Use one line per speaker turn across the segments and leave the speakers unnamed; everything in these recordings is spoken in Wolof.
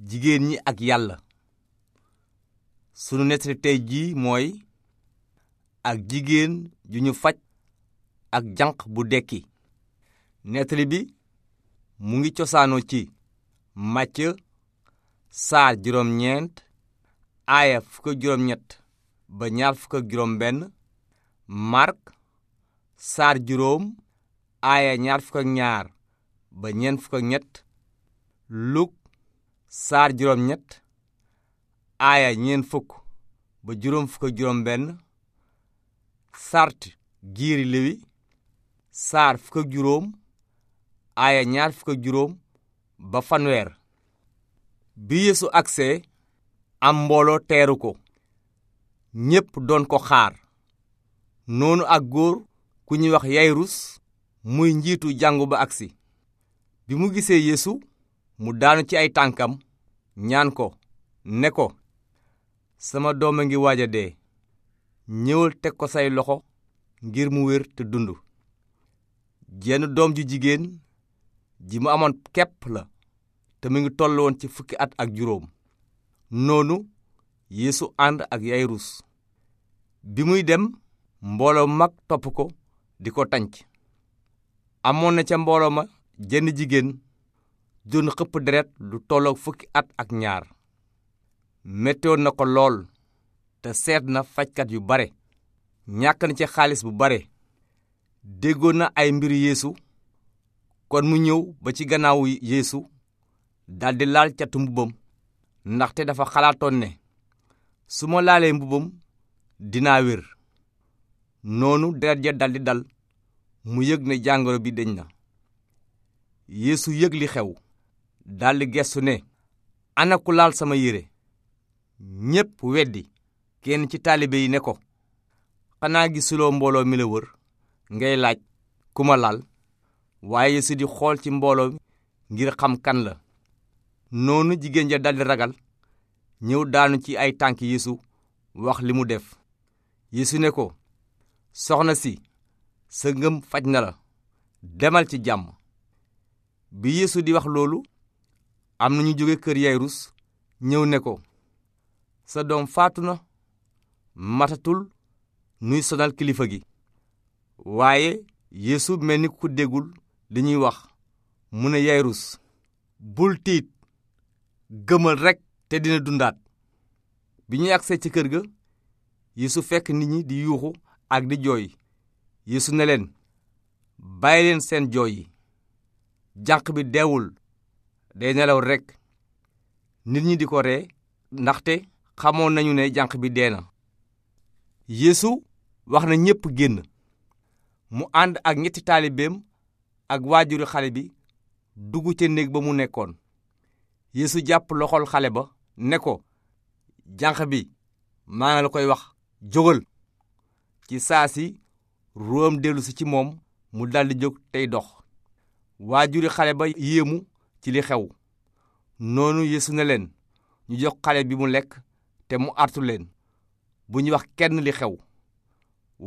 jigéen ñi ak yàlla sunu nettali tey jii mooy ak jigéen ju ñu faj ak janq bu dekki nettali bi mu ngi cosaanoo ci màcc saar juróom ñeent ba ñaar fukk ak juróom benn mark saar juróom aaya ñaar fukk ak ñaar ba ñeent fukk ak ñett luk saar juróom ñett aaya ñeen fukk ba juróom fukk ak juróom benn sart giiri lewi saar fukk ak juróom aaya ñaar fukk ak juróom ba fanweer bi yeesu agsee am mbooloo teeru ko ñépp doon ko xaar noonu ak góor ku ñuy wax yayrus muy njiitu jàngu ba agsi bi mu gisee yéesu mu daanu ci ay tànkam ñaan ko ne ko sama doom a ngi waaj a dee ñëwal teg ko say loxo ngir mu wér te dund jenn doom ju jigéen ji mu amoon kepp la te mu ngi toll woon ci fukki at ak juróom noonu yéesu ànd ak Yayrus bi muy dem mbooloo mag topp ko di ko tànc amoon na ca mbooloo ma jenn jigéen doon xëpp deret lu tolloog fukki at ak ñaar mettoon na ko lool te seet na fajkat yu bare ñàkk na ci xaalis bu bare déggoon na ay mbir yéesu kon mu ñëw ba ci gannaaw yéesu daldi laal catu mbubbam ndaxte dafa xalaatoon ne su ma laalee mbubbam dinaa wér noonu deret ja daldi dal mu yëg ne jàngoro bi deñ na yeesu yëg li xew daldi gestu ne annaku laal sama yére ñépp weddi kenn ci taalibe yi ne ko xanaa gisuloo mbooloo mi la wër ngay laaj ku ma laal waaye Yeesu di xool ci mbooloo ngir xam kan la noonu jigéen ja daldi ragal ñëw daanu ci ay tànk Yeesu wax li mu def Yeesu ne ko soxna si sa ngëm faj na la demal ci jàmm bi Yeesu di wax loolu am na ñu jóge kër yayrus ñëw ne ko sa doom faatu na matatul nuy sonal kilifa gi waaye yéesu mel ni ku déggul li ñuy wax mu ne yayrus bul tiit gëmal rekk te dina dundaat bi ñuy agsee ci kër ga yeesu fekk nit ñi di yuuxu ak di jooy yeesu ne leen bàyyi seen jooy yi jànq bi deewul day nelaw rekk nit ñi di ko ree ndaxte xamoon nañu ne jànq bi dee na yéesu wax na ñépp génn mu ànd ak ñetti taalibeem ak waajuri xale bi dugg ca néeg ba mu nekkoon yéesu jàpp loxol xale ba ne ko jànq bi maa ngi la koy wax jógal ci saa si ruwaam dellusi ci moom mu daldi jóg tey dox waajuri xale ba yéemu ci li xew noonu yeesu na leen ñu jox xale bi mu lekk te mu artu leen bu ñu wax kenn li xew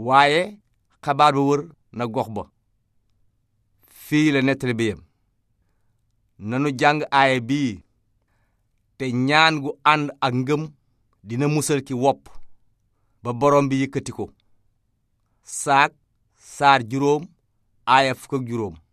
waaye xabaar ba wër na gox ba fii la nettali bi yem nanu jàng aaye bii te ñaan gu ànd ak ngëm dina musal ki wopp ba boroom bi yëkkati ko saak saar juróom aaya fukk ak juróom